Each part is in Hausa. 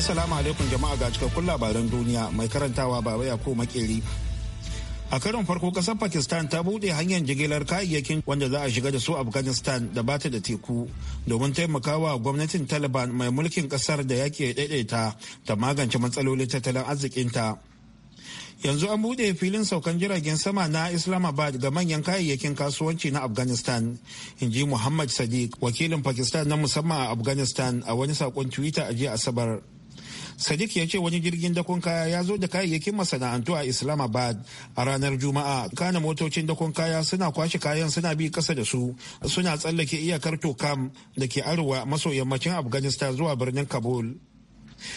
Assalamu alaikum jama'a ga cikakkun labaran duniya mai karantawa baba ya ko makeri. A karin farko kasar Pakistan ta buɗe hanyar jigilar kayayyakin wanda za a shiga da su Afghanistan da bata da teku domin taimakawa gwamnatin Taliban mai mulkin kasar da yake daidaita ta magance matsalolin tattalin arzikinta. Yanzu an buɗe filin saukan jiragen sama na Islamabad ga manyan kayayyakin kasuwanci na Afghanistan, in ji Muhammad Sadiq, wakilin Pakistan na musamman a Afghanistan a wani saƙon Twitter a jiya Asabar. sadiq ya ce wani jirgin dakon kaya ya zo da kayayyakin masana'antu a islamabad a ranar juma'a kana motocin dakon kaya suna kwashe kayan suna bi kasa da su suna tsallake iyakar tokam da ke arewa maso yammacin afghanistan zuwa birnin kabul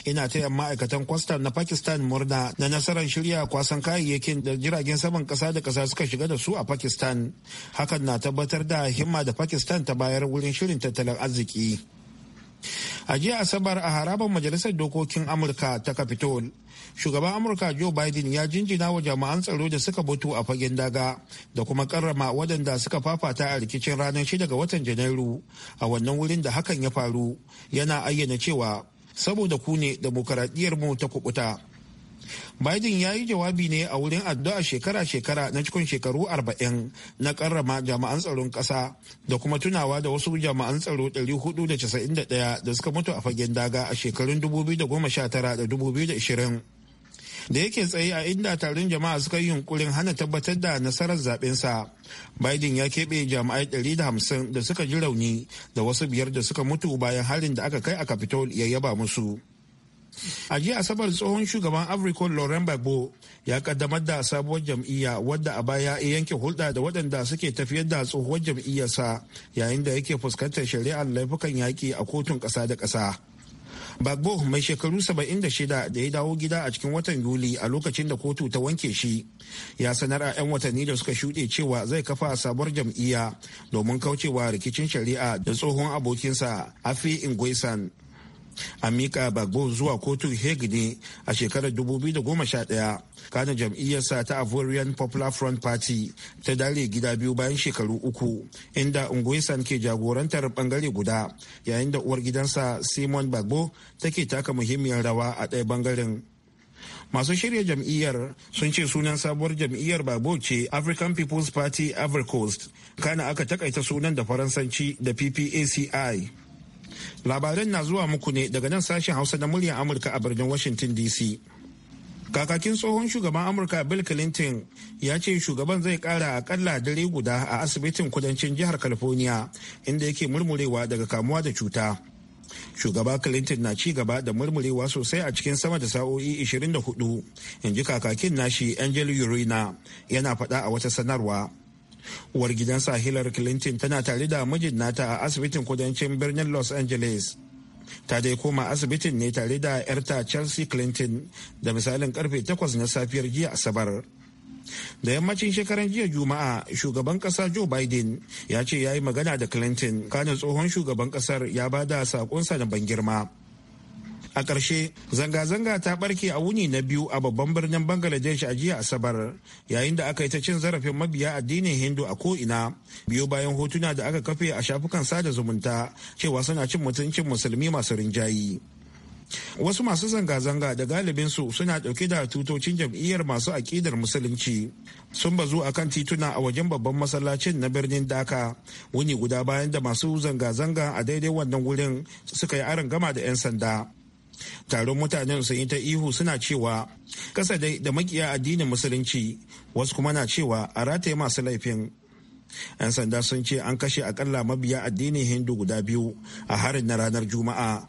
ina ta taya ma'aikatan kwastam na pakistan murna na nasarar shirya kwasan kayayyakin da jiragen saman kasa da kasa suka shiga da su a pakistan hakan na tabbatar da himma da pakistan ta bayar wurin shirin tattalin arziki a jiya asabar a harabar majalisar dokokin amurka ta capitol shugaban amurka joe biden ya jinjina wa jama'an tsaro da suka butu a fagen daga da kuma karrama waɗanda suka fafata a rikicin ranar 6 ga watan janairu a wannan wurin da hakan ya faru yana ayyana cewa saboda ku ne mu ta kubuta Biden ya yi jawabi ne a wurin addu'a shekara-shekara na cikin shekaru 40 na karrama jami'an tsaron ƙasa da kuma tunawa da wasu jami'an tsaro 491 da suka mutu a fagen daga a shekarun 2019 da 2020. da yake tsaye a inda taron jama'a suka yi yunkurin hana tabbatar da nasarar zabensa biden ya keɓe jami'ai 150 da suka ji rauni da wasu biyar da suka mutu bayan harin da aka kai a capitol ya yaba musu a jiya asabar tsohon shugaban africa lauren bagbo ya kaddamar da sabuwar jam'iyya wadda a baya ya yanke hulɗa da waɗanda suke tafiyar da tsohuwar jam'iyyarsa yayin da yake fuskantar shari'ar laifukan yaƙi a kotun ƙasa da ƙasa Bagbo mai shekaru 76 da ya dawo gida a cikin watan Yuli a lokacin da kotu ta wanke shi. Ya sanar a 'yan watanni da suka shuɗe cewa zai kafa sabuwar jam'iyya domin kaucewa rikicin shari'a da tsohon abokinsa Afi Ingwesan amika mika bagbo zuwa kotun hague ne a shekarar 2011 kana jam'iyyarsa ta ivorian popular front party ta dare gida biyu bayan shekaru uku inda unguisan ke jagorantar bangare guda yayin da uwar gidansa simon bagbo take taka muhimmiyar rawa a ɗaya bangaren masu shirya jam'iyyar sun ce sunan sabuwar jam'iyyar babo ce african people's party ivory coast kana aka takaita sunan da faransanci da ppaci labaran na zuwa muku ne daga nan sashen hausa na muryar amurka a birnin washington dc kakakin tsohon shugaban amurka bill clinton ya ce shugaban zai kara akalla dare guda a asibitin kudancin jihar california inda yake murmurewa daga kamuwa da cuta shugaba clinton na ci gaba da murmurewa sosai a cikin sama da sa'o'i 24 in ji kakakin nashi angel urina yana faɗa a wata sanarwa uwar gidansa hillary clinton tana tare da mijin nata a asibitin kudancin birnin los angeles ta dai koma asibitin ne tare da 'yarta chelsea clinton da misalin karfe 8 na safiyar jiya asabar da yammacin shekaran jiya juma'a shugaban kasa joe biden ya ce ya yi magana da clinton kanin tsohon shugaban kasar ya bada da sakonsa na ban girma a ƙarshe zanga-zanga ta ɓarke a wuni na biyu a babban birnin bangladesh a jiya asabar yayin da aka yi ta cin zarafin mabiya addinin hindu a ko'ina Biyu bayan hotuna da aka kafe a shafukan sada zumunta cewa suna cin mutuncin musulmi masu rinjayi wasu masu zanga-zanga da galibin su suna ɗauke da tutocin jam'iyyar masu aƙidar musulunci sun bazu a kan tituna a wajen babban masallacin na birnin daka wuni guda bayan da masu zanga-zanga a daidai wannan wurin suka yi aron gama da 'yan sanda taron mutanen sun yi ta ihu suna cewa kasa da makiya addinin musulunci wasu kuma na cewa a rataye masu laifin 'yan sanda sun ce an kashe akalla mabiya addinin hindu guda biyu a harin na ranar juma'a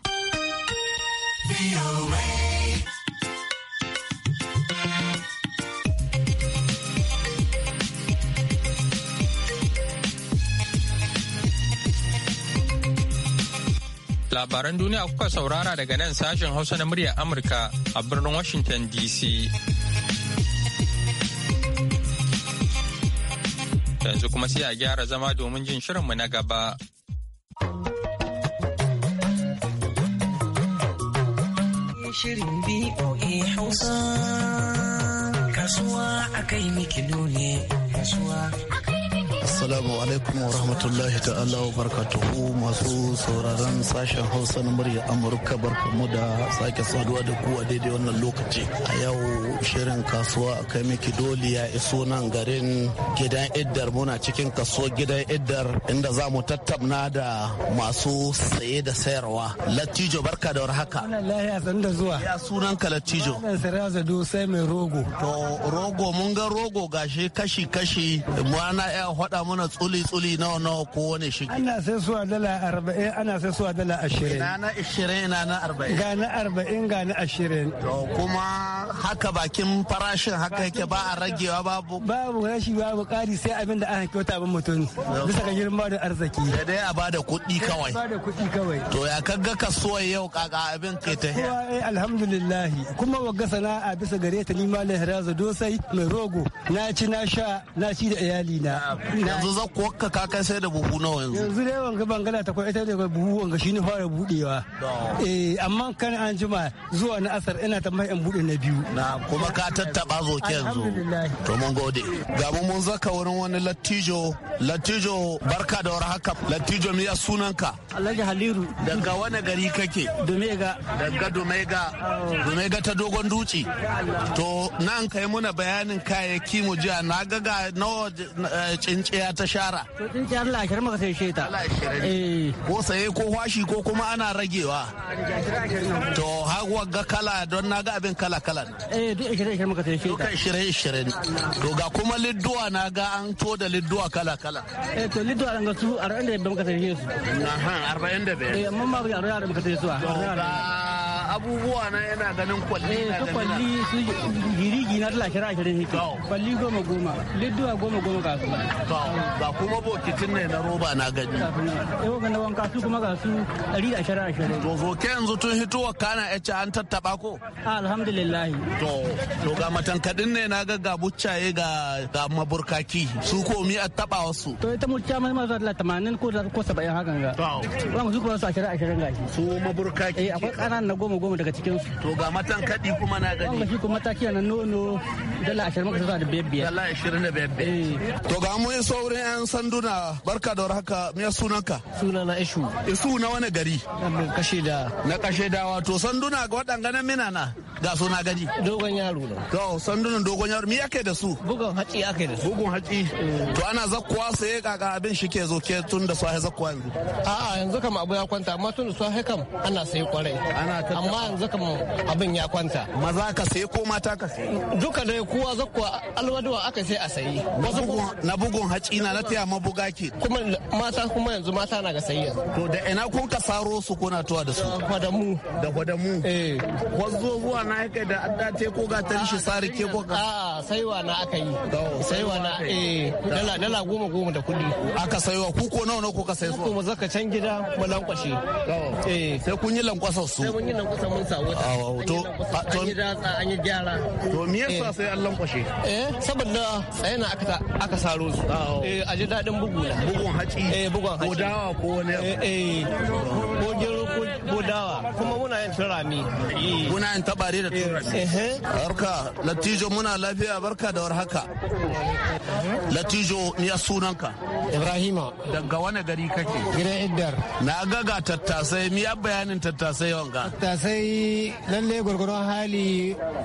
labaran duniya kuka saurara daga nan sashen hausa na muryar amurka a birnin washington dc yanzu kuma sai a gyara zama domin jin shirinmu na gaba shirin Hausa. Kasuwa a kai miki nune kasuwa Assalamu alaikum wa rahmatullahi ta'ala wa barakatuhu masu sauraron sashen Hausa na murya Amurka barkamu da sake saduwa da kuwa daidai wannan lokaci. A yau shirin kasuwa a kai miki dole ya iso nan garin gidan Iddar muna cikin kasuwar gidan Iddar inda za mu tattauna da masu saye da sayarwa. Lattijo barka da warhaka. Wallahi san da zuwa. Ya sunan ka Lattijo. Wannan Siraza Zado sai mai rogo. To rogo mun ga rogo gashi kashi kashi mu ana ya faɗa mana tsuli-tsuli nawa nawa ko wani shi. Ana sai suwa dala arba'in ana sai suwa dala ashirin. Ina na ashirin ina na arba'in. Ga na arba'in ga na ashirin. kuma haka bakin farashin haka yake ba a ragewa babu. Babu rashi babu kari sai abin da aka kyauta ba mutum. Bisa ga girma da arziki. Da dai a bada kuɗi kawai. Bada kuɗi kawai. To ya kaga kasuwa yau kaka abin ke ta hiya. Eh, Alhamdulillah kuma wagga sana'a bisa gare ta ni ma lahira sai mai rogo na ci na sha na ci da iyali na. yanzu za ku ka kai sai da buhu nawa yanzu yanzu dai wanga bangala ta kwai ita ne buhu wanga shine fara budewa eh amma kan an jima zuwa na asar ina ta mai an bude na biyu na kuma ka tattaba ke yanzu to mun gode ga mu mun zaka wurin wani latijo latijo. barka da war haka latijo miya sunanka Alhaji Haliru daga wani gari kake Dumega daga Dumega Dumega ta dogon duci to nan kai muna bayanin kayayyaki mu jiya na gaga ga nawa cinciya eh, ta shara. To tsinci Allah ashirin muka sai sheta. Allah ashirin. Eh. Ko saye ko washi ko kuma ana ragewa. To har ga kala don na ga abin kala kala. Eh duk ashirin ashirin muka sai sheta. Duka shirye shirye. To ga kuma lidduwa na ga an to da lidduwa kala kala. Eh to lidduwa an ga su arba'in da biyar muka sai su. Aha arba'in da biyar. Eh amma ba arba'in da biyar muka sai su. abubuwa na yana ganin kwalli eh, na ganin kwalli su girigi na dala kira kirin hiki kwalli goma goma lidduwa goma goma ga su ga kuma bokitin ne na roba na gani yau ga na wanka su kuma ga su ɗari da ashirin ashirin to zoke yanzu tun hitowa kana ya ce an tattaɓa ko alhamdulillah to to ga matankadin ne na ga ga buccaye ga ga maburkaki su ko mi a taɓa wasu to ita mucca mai mazu da tamanin ko saba'in hakan ga. wannan su kuma su ashirin ashirin gashi. Su maburkaki. Eh, akwai ƙananan na goma goma daga cikin su to ga matan kadi kuma na gani wanda shi kuma mataki na nono dala 20 maka zuwa da biyar dala 20 da biyar eh. to ga mu iso yan sanduna barka da warhaka me sunanka sunana ishu isu na wani gari na kashe da na kashe da wato sanduna ga waɗanga na mina na ga suna gani dogon yaro ne to sandunan dogon yaro me yake da su bugun haci yake da su bugun haci to ana zakkuwa sai kaga abin shi ke zo ke tun da su zakkuwa yanzu a'a yanzu kam abu ya kwanta amma tun da su kam ana sai kwarai ana amma yanzu kam abin ya kwanta maza ka sayi ko mata ka sayi duka da kowa ku alwaduwa aka sai a sayi na bugun haƙi na na taya mabuga ke kuma mata kuma yanzu mata na ga sayi to da ina kun ka saro su kuna tuwa da su da gwadamu da gwadamu eh wazo zuwa na yake da adda te ko ga tarishi sari ke ko ka a ah, saiwa na aka yi saiwa na eh dala dala goma goma da kudi aka saiwa ku ko nawa nawa ko ka sai su kuma zaka can gida mu lankwashe eh sai kun yi lankwasa su sai mun yi lankwasa kusa mun samu ta an yi ratsa an yi gyara to me yasa eh. sai an lankwashe eh saboda tsaye na aka aka saro su eh a ji dadin bugu na bugun haci eh bugun haci ko dawa ko wani eh, eh ko gero ko dawa kuma muna yin turami muna yin tabare da turami barka latijo muna lafiya barka da warhaka latijo ni a sunanka ibrahima daga wani gari kake gidan iddar na gaga tattasai miya bayanin tattasai wanga tattasai lalle gwargwaron hali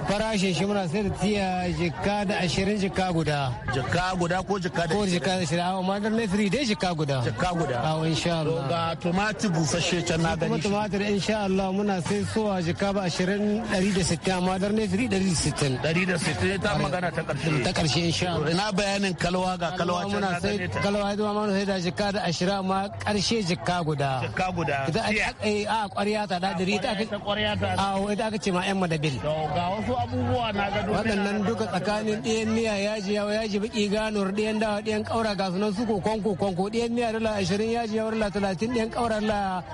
farashin shi muna sai da tiya jikka da ashirin jikka guda jikka guda ko jikka da ko jikka da ashirin amma dan laifiri dai jikka guda jikka guda a insha Allah ga tumati busashe can na gani tumatir in sha Allah muna sai suwa jika ba 20 160 amma dar ne 360 160 160 ta magana ta karshe ta karshe in sha Allah ina bayanin kalwa ga kalwa can muna sai kalwa ido amma sai da jika da 20 amma karshe jika guda jika guda idan eh, a kai a kwarya ta da 100 ta aka ta a ita aka ce ma da bil to ga wasu abubuwa na ga duniya waɗannan duka tsakanin ɗiyan miya yaji yawa yaji baki gano ɗiyan dawa ɗiyan kaura ga sunan su ko konko konko ɗiyan miya dala 20 yaji yawa dala 30 ɗiyan kaura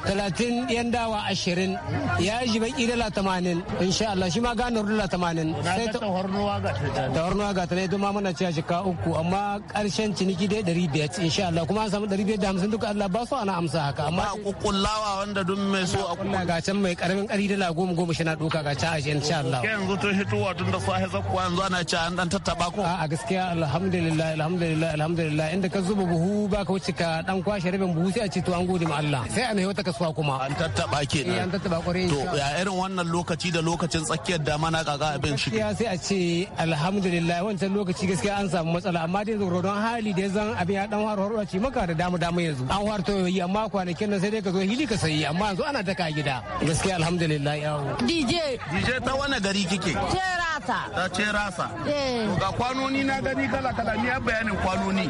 dala 30 yan dawa ashirin ya yi baki dala tamanin insha Allah shi ma gano dala tamanin. Sai ta hornuwa ga ta ta hornuwa ga ta ne don ma muna cewa ka uku amma karshen ciniki dai ɗari biyar insha Allah kuma an samu ɗari biyar da hamsin duka Allah ba su ana amsa haka. Amma a kukullawa wanda duk mai so a kulla ga can mai karamin ƙari da goma goma shi na duka ga can ashe insha Allah. yanzu tun hituwa tun da sahi zakkuwa yanzu ana ci an dan tattaba ko. A gaskiya alhamdulillah alhamdulillah alhamdulillah inda ka zuba buhu ba ka wuce ka dan kwashe rabin buhu sai a ce to an gode ma Allah sai a mai wata kasuwa kuma. tattaba kenan. Eh To ya irin wannan lokaci da lokacin tsakiyar damana kaga abin shi. Gaskiya sai a ce alhamdulillah wancan lokaci gaskiya an samu matsala amma dai don hali da zan abin ya dan harwar ce maka da dama dama yanzu. An harto toyoyi amma kwanakin nan sai dai ka zo hili ka sayi amma yanzu ana daka gida. Gaskiya alhamdulillah yawo. DJ. DJ ta wani gari kike? Cerasa. Ta Cerasa. Eh. Ga kwanoni na gani kala kala ni a bayanin kwanoni.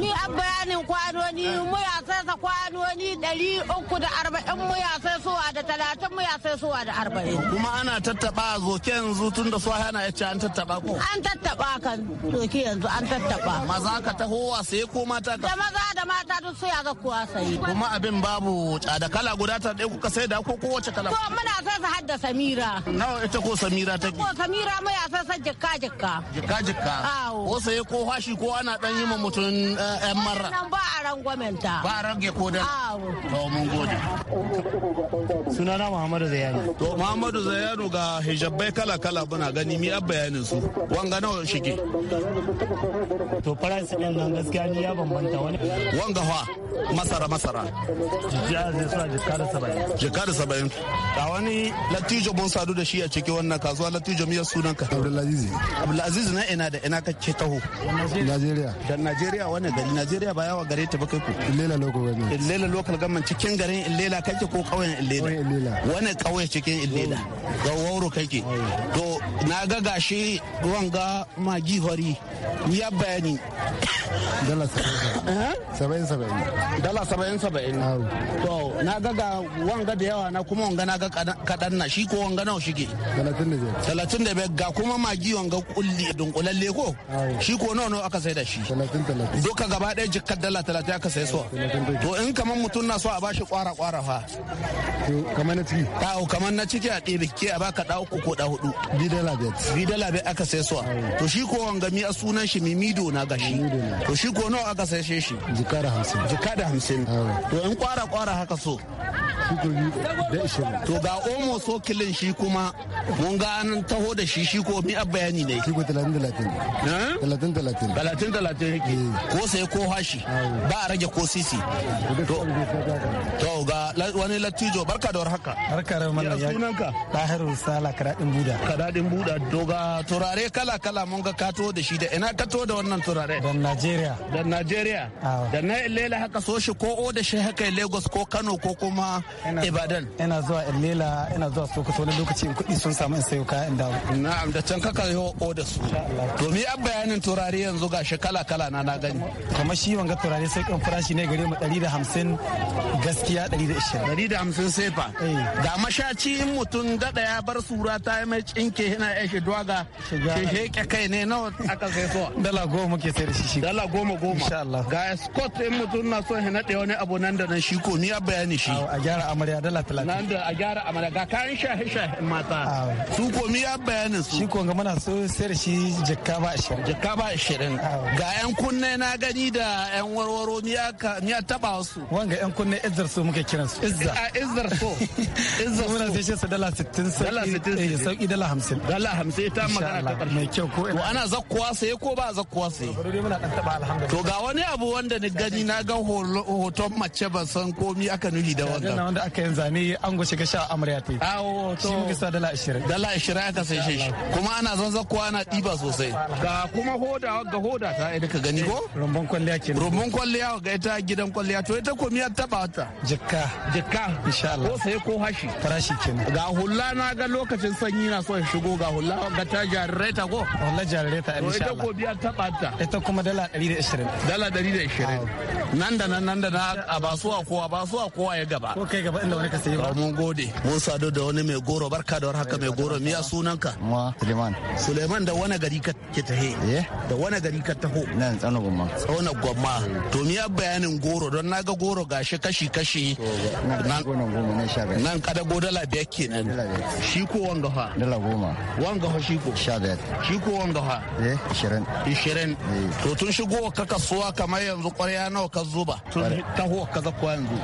Ni a bayanin kwanoni muya sasa kwanoni ɗari uku da mu muya sai suwa da talatin mu ya sai suwa da arba'in. Kuma ana tattaba a zoke yanzu tun da suwa yana ya ce an tattaba ko? An tattaba kan zoke yanzu an tattaba. Maza ka taho wa sai ko mata ka? Da maza da mata duk su ya ga kuwa sayi. Kuma abin babu da kala guda ta ɗaya kuka sai da ko kowace kala. To muna sai su hadda Samira. Nawa ita ko Samira ta ke? Ko Samira mu ya sai sai jikka jikka. Jikka jikka. Ko sai ko fashi ko ana dan yi ma mutum yan eh, mara. Nan ba a rangwamenta. Ba a rage ko da. Awo. To mun gode. sunana muhammadu zayano to muhammadu zayano ga hijabai kala kala muna gani mi abba bayanin su wanga nawa shige to price din nan gaskiya ni ya bambanta wani wanga fa masara masara jiya zai suna jikada saba'in jikada saba'in ga wani latijo mun sadu da shi a cikin wannan kasuwa latijo miyar sunanka abdulaziz abdulaziz na ina da ina ka ce taho najeriya da najeriya wannan gari najeriya ba yawa gare ta ba kai ku illela local government illela local government cikin garin illela kake ko ƙauyen Ilila. wani ƙauye cikin Ilila. ga wauro kake to na ga gashi ruwan ga magi hori ya bayani dala eh? saba'in saba'in dala saba'in saba'in to na ga ga wanga da yawa na kuma wanga na ga kaɗan na shi ko wanga nawa shi ke. talatin da biyar ga kuma magi wanga kulli dunkulalle ko shi ko nawa nawa aka sai da shi Talatin talatin. duka gaba ɗaya jikkar dala talatin aka sai suwa to in kamar mutum na so a bashi kwara kwara fa kamar na ciki kamar na ciki a ɗebe ke a baka da uku ko da hudu bi dala bet bi bet aka sai suwa to shi ko wanga mi a sunan shi mido na gashi to shi ko nawa aka sai shi jika da hamsin jika da hamsin to in kwara kwara haka so to ga omo so kilin shi kuma mun ga an taho da shi shi ko mi a bayani ne shi ko eh? talatin talatin. talatin talatin talatin talatin eh. ko sai ko hashi ba a rage ko sisi to ga wani dattijo barka da warhaka barka da mallam ya sunanka tahiru sala kadadin buda kadadin buda doga turare kala kala mun ga kato da shi da ina kato da wannan turare dan najeriya dan najeriya da na illela haka so shi ko o da shi haka lagos ko kano ko kuma ibadan ina zuwa illela ina zuwa sokoto wani lokaci in kudi sun samu in sayo in dawo na'am da can kaka yo o da su to mi an bayanin turare yanzu ga shi kala kala na na gani kamar shi wanga turare sai kan farashi ne gare mu 150 gaskiya 120 hamsin sefa ga eh. mashaci mutum dada ya bar sura ta yi mai cinke yana ya shi dwaga sheke kai ne nawa aka sai so dala goma ke sai da shi dala goma goma ga escort in mutum na so ya nade wani abu nan da nan shi ko ni bayani shi a gyara amarya dala talatin nan da a gyara amarya ga kayan shahe shahe mata su ko mi bayanin su shi ko ga muna so sai da shi jakka ba 20 jakka ba 20 ga yan kunne na gani da yan warwaro ni ya taba su wanga yan kunne izzar su muke kiran su izar so izar so muna sai shi eh, dala 60 sauki sauki dala 50 dala 50 ita magana ta karshe mai kyau ko to ana zakkuwa sai ko ba zakkuwa sai to ga wani abu wanda ni gani na ga hoton mace ba san komi aka nuhi da wannan wanda aka yin zane an gushe ga sha amarya ta yi to shi muka dala 20 dala 20 aka sai shi kuma ana zan zakkuwa ana diba sosai ga kuma hoda ga hoda ta ai ka gani ko eh, rumbun kwalliya kenan rumbun kwalliya ga ita gidan kwalliya to ita komi ta taba ta jikka jikka ko sai ko hashi farashi kenan ga hula na ga lokacin sanyi na so shigo ga hula ga ta jarreta ko wallahi jarreta insha Allah ita ko biya ta bata ita kuma dala 120 dala 120 nan da nan nan da na a basuwa kowa basuwa kowa ya gaba ko kai gaba inda wani ka sayi ba mun gode mun sado da wani mai goro barka da warhaka mai goro miya sunanka ma Suleiman Suleiman da wani gari ka ke tahe eh? da wani gari ka taho nan tsano gumma tsano gwamma to miya bayanin goro don naga goro gashi kashi kashi konan goma ne sha biyar. Nan go dala biyar kenan. Shi ko wanga fa? Dala goma. Wanga fa shi ko? Sha biyar. Shi ko wanga fa? Eh, ishirin. Ishirin. Eh. To tun shigo ka kasuwa kamar yanzu kwarya nawa ka zuba? Tun taho ka zakuwa yanzu.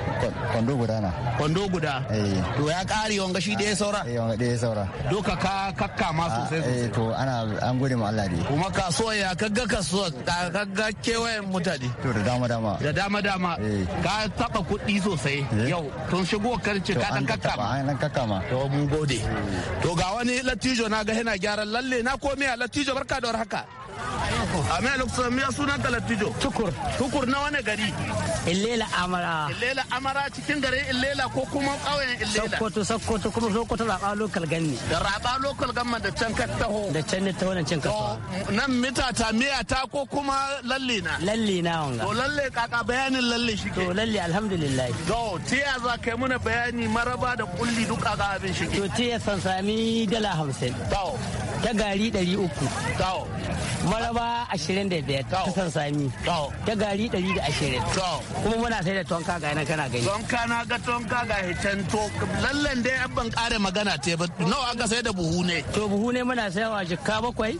Kwando guda na. Kwando guda. Eh. To ya kare wanga shi da ya saura? Eh, wanga da ya saura. Doka ka kakka ma ah, sosai sosai. Eh, to ana an gode ma Allah ne. Kuma kasuwa ya kagga kasuwa kagga kewayen mutane. To da dama dama. Da dama dama. Ka taba kuɗi sosai yau tun shi shigo ka ce ka dan kakkama an kakama. to mun gode mm. to ga wani latijo na ga yana gyaran lalle na komai latijo barka da warhaka a mai lokacin suna talattijo tukur tukur na wani gari illela amara illela amara cikin garin illela ko kuma kauyen illela sokoto sokoto kuma sokoto raba lokal ganni da raba lokal ma da can kattaho da can ne ta wannan can kattaho oh, nan mita ta miya ta ko kuma lalle na lalle na wanga to lalle kaka bayanin lalle shi to lalle alhamdulillah to tiya za ka yi bayani maraba da kulli duka ga abin shi to tiya san sami dala 50 to ta gari 300 maraba 25 ta san sami ta gari 120 kuma muna sai da tonka ga nan kana gani tonka na ga tonka ga hitan to lallan dai abban kare magana te ba nawa aka sai da buhu ne to buhu ne muna wa jikka bakwai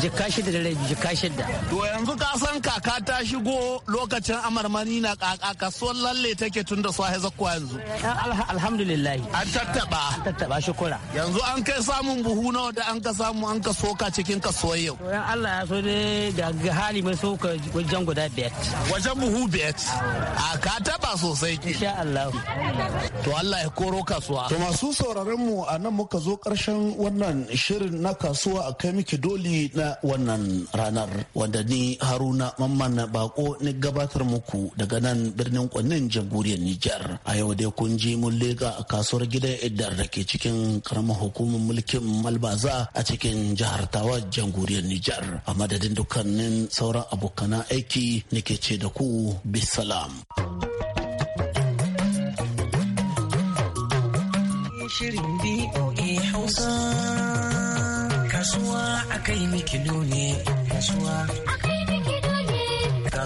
jikka shida da rabi jikka shida to yanzu ka san kaka ta shigo lokacin amarmani na kaka kasuwar lalle take tun da swahe zakwa yanzu alhamdulillah an tattaba tattaba shukura yanzu an kai samun buhu nawa da an kasa samu an ka soka cikin ka yau. Allah ya so ne ga hali mai soka wajen guda biyar. Wajen buhu biyar. A ka taba sosai ki. Insha Allah. To Allah ya koro kasuwa. To masu sauraron mu a nan muka zo karshen wannan shirin na kasuwa a kai miki doli na wannan ranar wanda ni Haruna Mamman Bako ni gabatar muku daga nan birnin Kwannin jamhuriyar Nijar. A yau dai kun ji mun leka a kasuwar gidan Idar da ke cikin karamar hukumar mulkin Malbaza a cikin jihar tawa jamhuriyar Nijar a madadin dukkanin sauran abokanan aiki nake ce da ku bisalam. Shirin BOA Hausa kasuwa akai miki nune kasuwa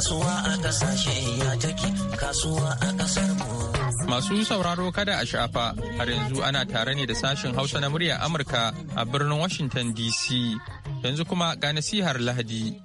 kasuwa a kasashe ya take kasuwa a kasar mu. Masu sauraro kada a shafa har yanzu ana tare ne da sashen Hausa na muryar Amurka a birnin Washington DC. Yanzu kuma ga nasihar Lahadi.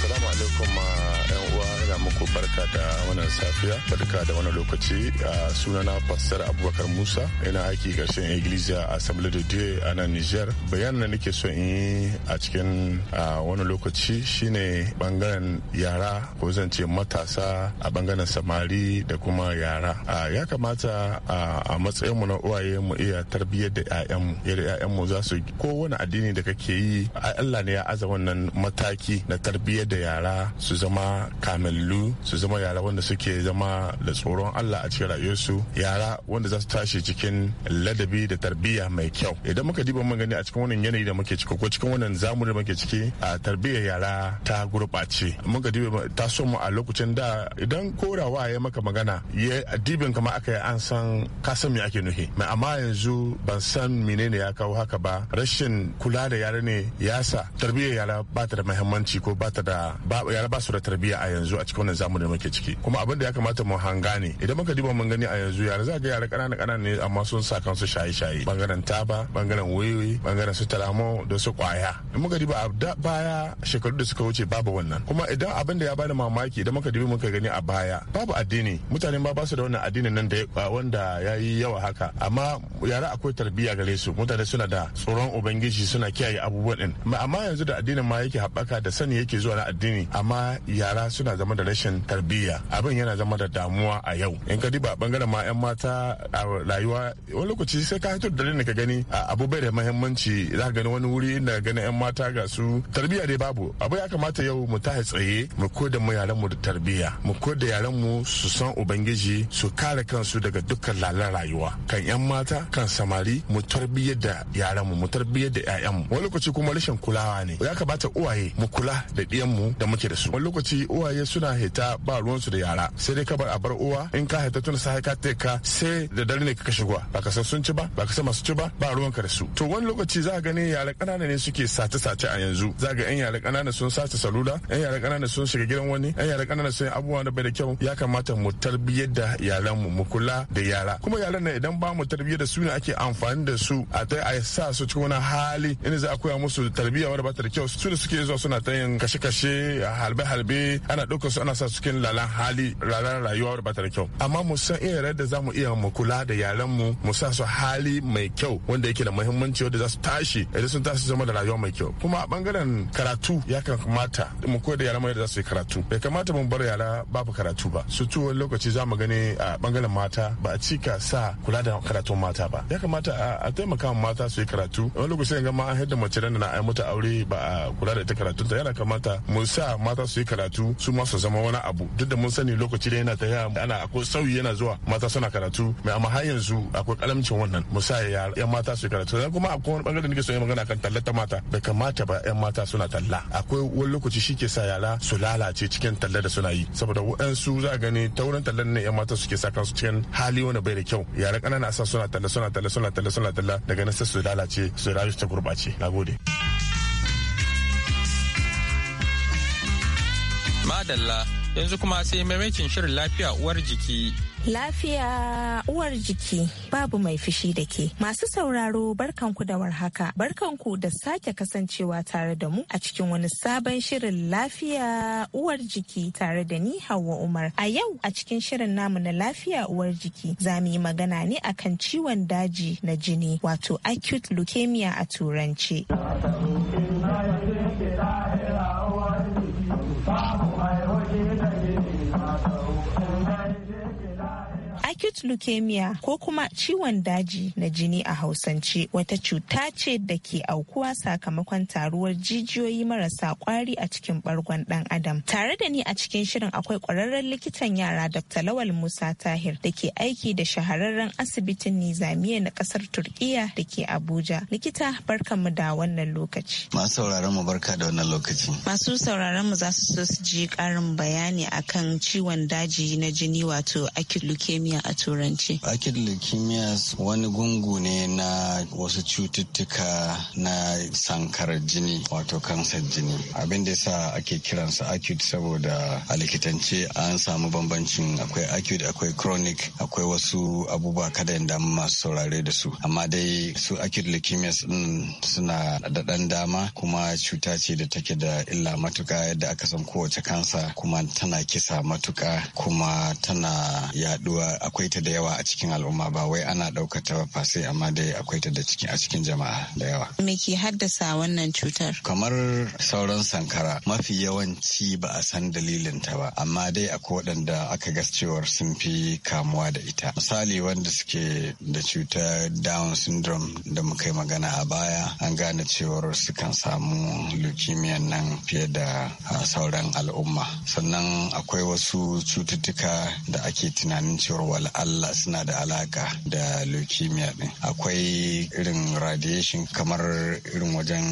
Salamu alaikum uh, ina muku barka da wannan safiya barka da wani lokaci a sunana pastor abubakar musa ina aiki karshen iglesia assembly de dieu a nan niger bayanin da nake so in yi a cikin wani lokaci shine bangaren yara ko zan matasa a bangaren samari da kuma yara ya kamata a matsayin mu na uwaye mu iya tarbiyyar da 'ya'yanmu yadda 'ya'yanmu za su ko wani addini da kake yi Allah ne ya aza wannan mataki na tarbiyyar da yara su zama kamil dunkulallu su zama yara wanda suke zama da tsoron Allah a cikin rayuwarsu yara wanda za su tashi cikin ladabi da tarbiyya mai kyau idan muka diba mun gani a cikin wannan yanayi da muke ciki ko cikin wannan zamuni da muke ciki a tarbiyyar yara ta gurɓace muka diba ta so mu a lokacin da idan korawa ya maka magana ya dibin kama aka yi an san ka san me ake nuhi mai amma yanzu ban san menene ya kawo haka ba rashin kula da yara ne yasa tarbiyyar yara ba ta da muhimmanci ko ba ta da yara ba su da tarbiyya a yanzu a cikin wannan da muke ciki kuma abin da ya kamata mu hanga ne idan muka diba mun gani a yanzu yara za ga yara kanana kanana ne amma sun sa kansu shaye-shaye bangaren taba bangaren wayoyi bangaren su talamo da su kwaya in muka duba a baya shekaru da suka wuce babu wannan kuma idan abin da ya bani mamaki idan muka duba muka gani a baya babu addini mutane ba ba su da wannan addinin nan da wanda ya yi yawa haka amma yara akwai tarbiyya gare su mutane suna da tsoron ubangiji suna kiyaye abubuwan din amma yanzu da addinin ma yake haɓaka da sani yake zuwa na addini amma yara suna zama da rashin tarbiyya abin yana zama da damuwa a yau in ka diba bangaren ma yan mata a rayuwa wani lokaci sai ka hito da ka gani a abu bai da mahimmanci za ka gani wani wuri inda gani yan mata ga su tarbiyya dai babu abu ya kamata yau mu tashi tsaye mu koda mu yaran mu da tarbiyya mu koda yaran mu su san ubangiji su kare kansu daga dukkan lalan rayuwa kan yan mata kan samari mu tarbiyyar da yaran mu mu tarbiyyar da ƴaƴan mu wani lokaci kuma rashin kulawa ne ya kamata uwaye mu kula da ɗiyan mu da muke da su wani lokaci uwaye suna an hita ba ruwansu da yara sai dai ka bar a bar uwa in ka hita tun sai ka ka sai da dare ne ka kashe guwa ba ka san sun ci ba ba ka san masu ci ba ba ka da su to wani lokaci za ka gani yara kanana ne suke sace sace a yanzu za ga yan yara kanana sun sace salula yan yara kanana sun shiga gidan wani yan yara kanana sun yi abubuwa da bai da kyau ya kamata mu tarbiyyar da yaran mu kula da yara kuma yaran nan idan ba mu tarbiyyar da su ne ake amfani da su a ta a sa su cikin wani hali inda za a koya musu tarbiyya wadda ba ta da kyau su da suke zuwa suna ta yin kashe-kashe halbe-halbe ana ɗaukar su ana sa cikin lalan hali lalan rayuwa ba ta da kyau amma mu san irin da zamu iya mu kula da yaran mu mu sa su hali mai kyau wanda yake da muhimmanci wanda za su tashi idan sun tashi zama da rayuwa mai kyau kuma a bangaren karatu ya kamata mu koyar da yaran mu yadda za su yi karatu bai kamata mu bar yara babu karatu ba su tuwo lokaci za mu gani a bangaren mata ba a cika sa kula da karatun mata ba ya kamata a taimaka mata su yi karatu wani lokaci ga ma an haɗa mace da na ai mata aure ba a kula da ita karatunta yana kamata mu sa mata su yi karatu su masu su zama zama wani abu duk da mun sani lokaci da yana ta ana akwai sauyi yana zuwa mata suna karatu mai amma har yanzu akwai kalamcin wannan musa ya yan mata su karatu dan kuma akwai wani bangare da nake so yi magana kan talla ta mata bai kamata ba yan mata suna talla akwai wani lokaci shike sa yara su lalace cikin talla da suna yi saboda waɗansu za a gani ta wurin tallan ne yan mata suke sa kansu cikin hali wani bai da kyau yara ƙanana sa suna talla suna talla suna talla suna talla daga nan su lalace su rayu ta gurɓace nagode Madalla yanzu kuma sai maimakin shirin lafiya uwar jiki. Lafiya uwar jiki babu mai fushi da ke. Masu sauraro barkanku da warhaka. Barkanku da sake kasancewa tare da mu a cikin wani sabon shirin lafiya uwar jiki tare da ni Hauwa Umar. A yau a cikin shirin namu na lafiya uwar jiki zamu yi magana ne akan ciwon daji na jini wato acute leukemia a turanci. acute leukemia ko kuma ciwon daji na jini a hausance wata cuta ce da ke aukuwa sakamakon taruwar jijiyoyi marasa kwari a cikin bargon dan adam tare da ni a cikin shirin akwai kwararren likitan yara dr lawal musa tahir da ke aiki da shahararren asibitin nizamiya na kasar turkiya da ke abuja likita barkanmu da wannan lokaci masu sauraron mu barka da wannan lokaci masu sauraron mu za su so su ji karin bayani akan ciwon daji na jini wato acute leukemia a turanci. Akilar kimiyyas wani gungu ne na wasu cututtuka na sankarar jini wato kansar jini. Abin da yasa ake kiransa acute saboda a likitance an samu bambancin akwai acute akwai chronic akwai wasu abubuwa kada da masu saurare da su. Amma dai su acute leukemias din suna da dan dama kuma cuta ce da take da illa matuka yadda aka san kowace kansa kuma tana kisa matuka kuma tana yaduwa a akwai ta da yawa a cikin al'umma ba wai ana ɗaukar ta ba sai amma dai akwai ta da cikin a cikin jama'a da yawa. Me ke haddasa wannan cutar? Kamar sauran sankara mafi yawanci ba a san dalilin ta ba amma dai akwai waɗanda aka ga cewar sun fi kamuwa da ita. Misali wanda suke da cutar Down syndrome da muka yi magana a baya an gane cewar sukan samu lukimiya nan fiye da sauran al'umma. Sannan akwai wasu cututtuka da ake tunanin cewar al'alla suna da alaka da leukemia din akwai irin radiation kamar irin wajen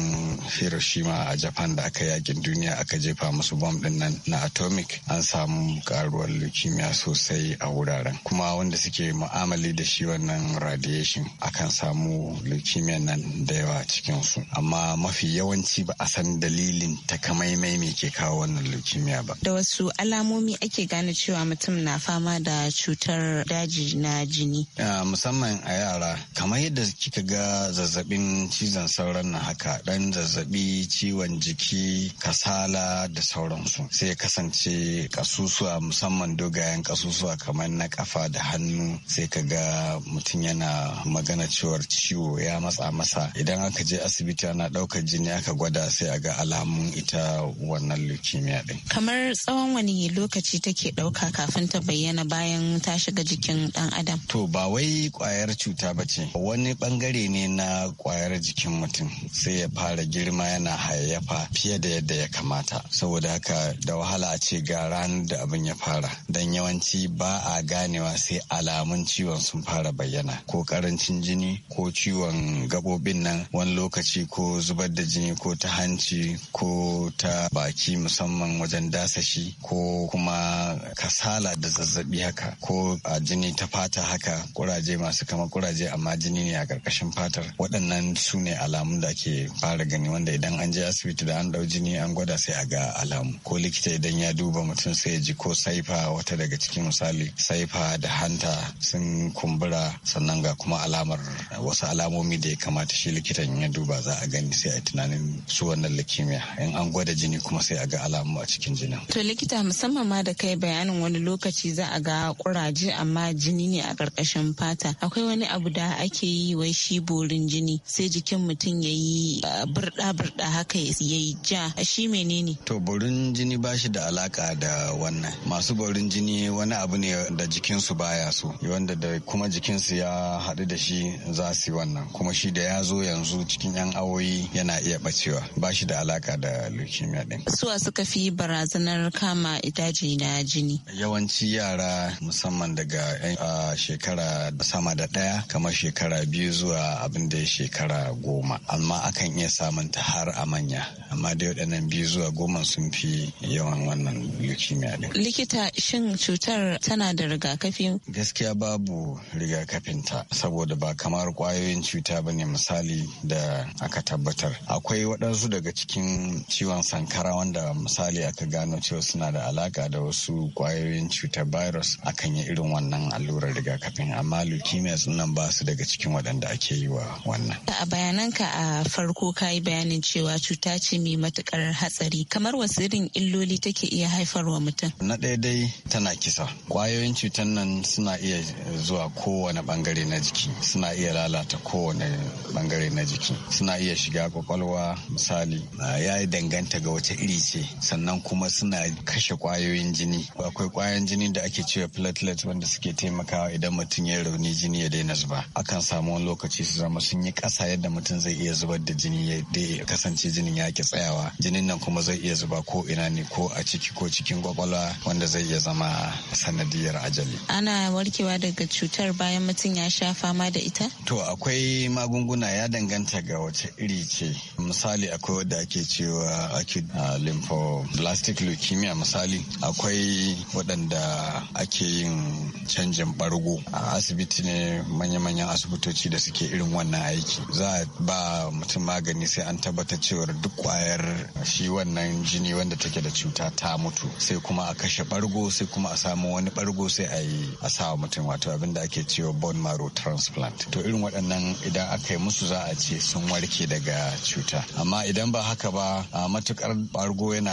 hiroshima a japan da aka yakin duniya aka jefa musu bom din nan na atomic an samu karuwar leukemia sosai a wuraren kuma wanda suke mu'amali da shi wannan radiation akan samu leukemia nan da yawa cikinsu amma mafi yawanci ba a san dalilin takamaimai me ke kawo wannan leukemia ba da wasu alamomi ake gane cewa mutum na fama da cutar daji na jini. Musamman a yara, kamar yadda kika ga zazzabin cizon sauran na haka dan zazzabi ciwon jiki kasala da sauransu sai kasance kasusuwa musamman dogayen kasusuwa kamar na kafa da hannu sai ka ga mutum yana magana cewar ciwo ya matsa masa idan aka je asibiti ana ɗauka jini aka gwada sai a ga alamun ita wannan leukemia din. kamar tsawon wani lokaci take ɗauka kafin ta bayyana bayan ta shiga jikin dan adam to ba wai kwayar cuta ba ce wani bangare ne na kwayar jikin mutum sai ya fara girma yana hayayyafa fiye da yadda ya kamata saboda haka da wahala a ce ga ranar da abin ya fara dan yawanci ba a ganewa sai alamun ciwon sun fara bayyana ko karancin jini ko ciwon gabobin nan wani lokaci ko zubar da jini ko ta hanci ko ta baki musamman wajen dasa shi ko kuma kasala da zazzabi haka ko a jini ta fata haka kuraje masu kama kuraje amma jini ne a karkashin fatar waɗannan su ne alamun da ke fara gani wanda idan an je asibiti da an ɗau jini an gwada sai a ga alamu ko likita idan ya duba mutum sai ya ji ko saifa wata daga cikin misali saifa da hanta sun kumbura sannan ga kuma alamar wasu alamomi da ya kamata shi likitan ya duba za a gani sai a tunanin su wannan leukemia in an gwada jini kuma sai a ga alamu a cikin jinin. To likita musamman ma da kai bayanin wani lokaci za a ga kuraje amma amma jini ne a ƙarƙashin fata akwai wani abu da ake yi wai shi borin jini sai jikin mutum ya yi burɗa burɗa haka ya yi ja shi menene to borin jini ba shi da alaka da wannan masu borin jini wani abu ne da jikinsu baya so wanda da kuma jikinsu ya haɗu da shi za su wannan kuma shi da ya zo yanzu cikin yan awoyi yana iya bacewa ba shi da alaka da leukemia din suwa suka fi barazanar kama daji na jini yawanci yara musamman daga daga 'yan shekara sama da ɗaya kamar shekara biyu zuwa abin da ya shekara goma amma akan iya samun ta har a manya amma dai waɗannan biyu zuwa goma sun fi yawan wannan leukemia ɗin. likita shin cutar tana da rigakafi gaskiya babu rigakafinta saboda ba kamar kwayoyin cuta ba ne misali da aka tabbatar akwai waɗansu daga cikin ciwon sankara wanda misali aka gano cewa suna da alaka da wasu kwayoyin cutar virus akan yi irin wannan wannan allurar rigakafin amma leukemia nan ba su daga cikin waɗanda ake yi wa wannan. A ka a farko ka yi bayanin cewa cuta ce mai matukar hatsari kamar wasu irin illoli take iya haifarwa mutum. Na ɗaya dai tana kisa. Kwayoyin cutar nan suna iya zuwa kowane bangare na jiki suna iya lalata kowane bangare na jiki suna iya shiga kwakwalwa misali ya yi danganta ga wata iri ce sannan kuma suna kashe kwayoyin jini akwai kwayan jini da ake cewa platelet wanda suke taimakawa idan mutum ya rauni jini ya daina zuba akan samu wani lokaci su zama sun yi kasa yadda mutum zai iya zubar da jini ya kasance jinin ya ki tsayawa jinin nan kuma zai iya zuba ko ina ne ko a ciki ko cikin kwakwalwa wanda zai iya zama sanadiyar ajali ana warkewa daga cutar bayan mutum ya sha fama da ita to akwai magunguna ya danganta ga wace iri ce misali akwai wadda ake cewa acute uh, lymphoblastic leukemia misali akwai waɗanda ake yin canjin bargo a asibiti ne manya-manyan asibitoci da suke irin wannan aiki za a ba mutum magani sai an tabbatar cewar duk kwayar shi wannan jini wanda take da cuta ta mutu sai kuma a kashe bargo sai kuma a samu wani bargo sai a yi a sawa mutum wato abin da ake cewa bone marrow transplant to irin waɗannan idan aka yi musu za a ce sun warke daga cuta amma idan ba haka ba a matukar bargo yana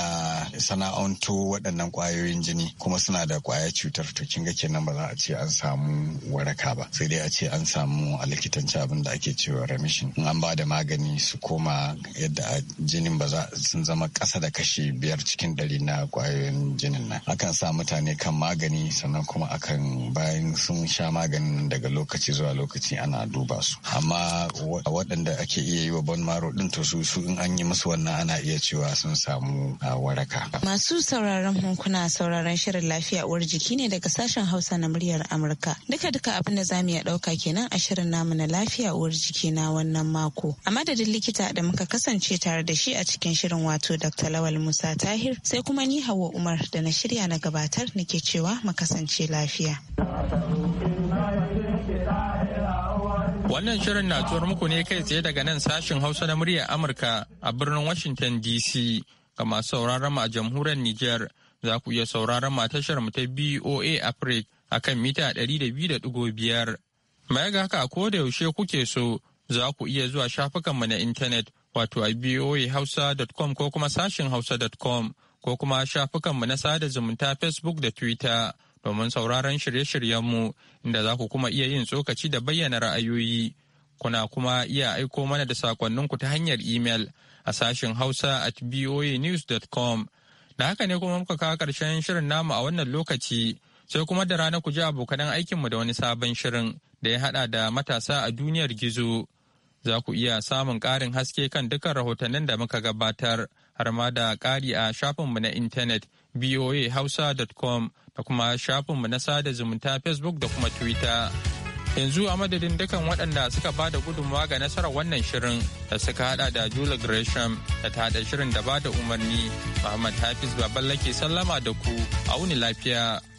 sana'anto waɗannan kwayoyin jini kuma suna da kwayar cutar to kin ga kenan ba za a ce an samu waraka ba sai dai a ce an samu a likitanci abin da ake cewa remission in an ba da magani su koma yadda a jinin ba za sun zama ƙasa da kashi biyar cikin ɗari na ƙwayoyin jinin nan akan sa mutane kan magani sannan kuma akan bayan sun sha maganin daga lokaci zuwa lokaci ana duba su amma waɗanda ake iya yi wa bon maro ɗin to su su in an yi musu wannan ana iya cewa sun samu waraka masu sauraron hunkuna sauraron shirin lafiya uwar jiki ne daga sashen hausa na muryar Amurka. Duka-duka abin da zamu iya ɗauka kenan a shirin namu na lafiya uwar jiki na wannan mako. A madadin likita da muka kasance tare da shi a cikin shirin wato Dr. Lawal Musa Tahir sai kuma ni Hauwa Umar da na shirya na gabatar nake cewa mu kasance lafiya. Wannan shirin na tuwar muku ne kai tsaye daga nan sashin Hausa na muryar Amurka a birnin Washington DC ga masu sauraron mu a jamhuriyar Nijar za ku iya sauraron mu a tashar mu ta BOA Africa a kan mita ɗari da biyu 200.5. Baya ga haka ko da yaushe kuke so za ku iya zuwa shafukanmu na intanet wato a voahausa.com ko kuma sashin hausa.com ko kuma shafukanmu na sada zumunta Facebook da Twitter domin sauraron shirye-shiryenmu inda za ku kuma iya yin tsokaci da bayyana ra'ayoyi. Kuna kuma iya aiko mana da sakonninku ta hanyar email a sashin hausa at voanews.com. Da haka ne kuma muka kawo ƙarshen shirin namu a wannan lokaci. sai kuma da rana ku ji abokanan aikinmu da wani sabon shirin da ya hada da matasa a duniyar gizo. Za ku iya samun ƙarin haske kan dukkan rahotannin da muka gabatar har ma da ƙari a shafinmu na intanet voahausa.com da kuma shafinmu na sada zumunta Facebook da kuma Twitter. Yanzu a madadin dukkan waɗanda suka ba da gudunmawa ga nasarar wannan shirin da suka hada da Julia Gresham da ta hada shirin da ba da umarni Muhammad Hafiz lake sallama da ku a wuni lafiya.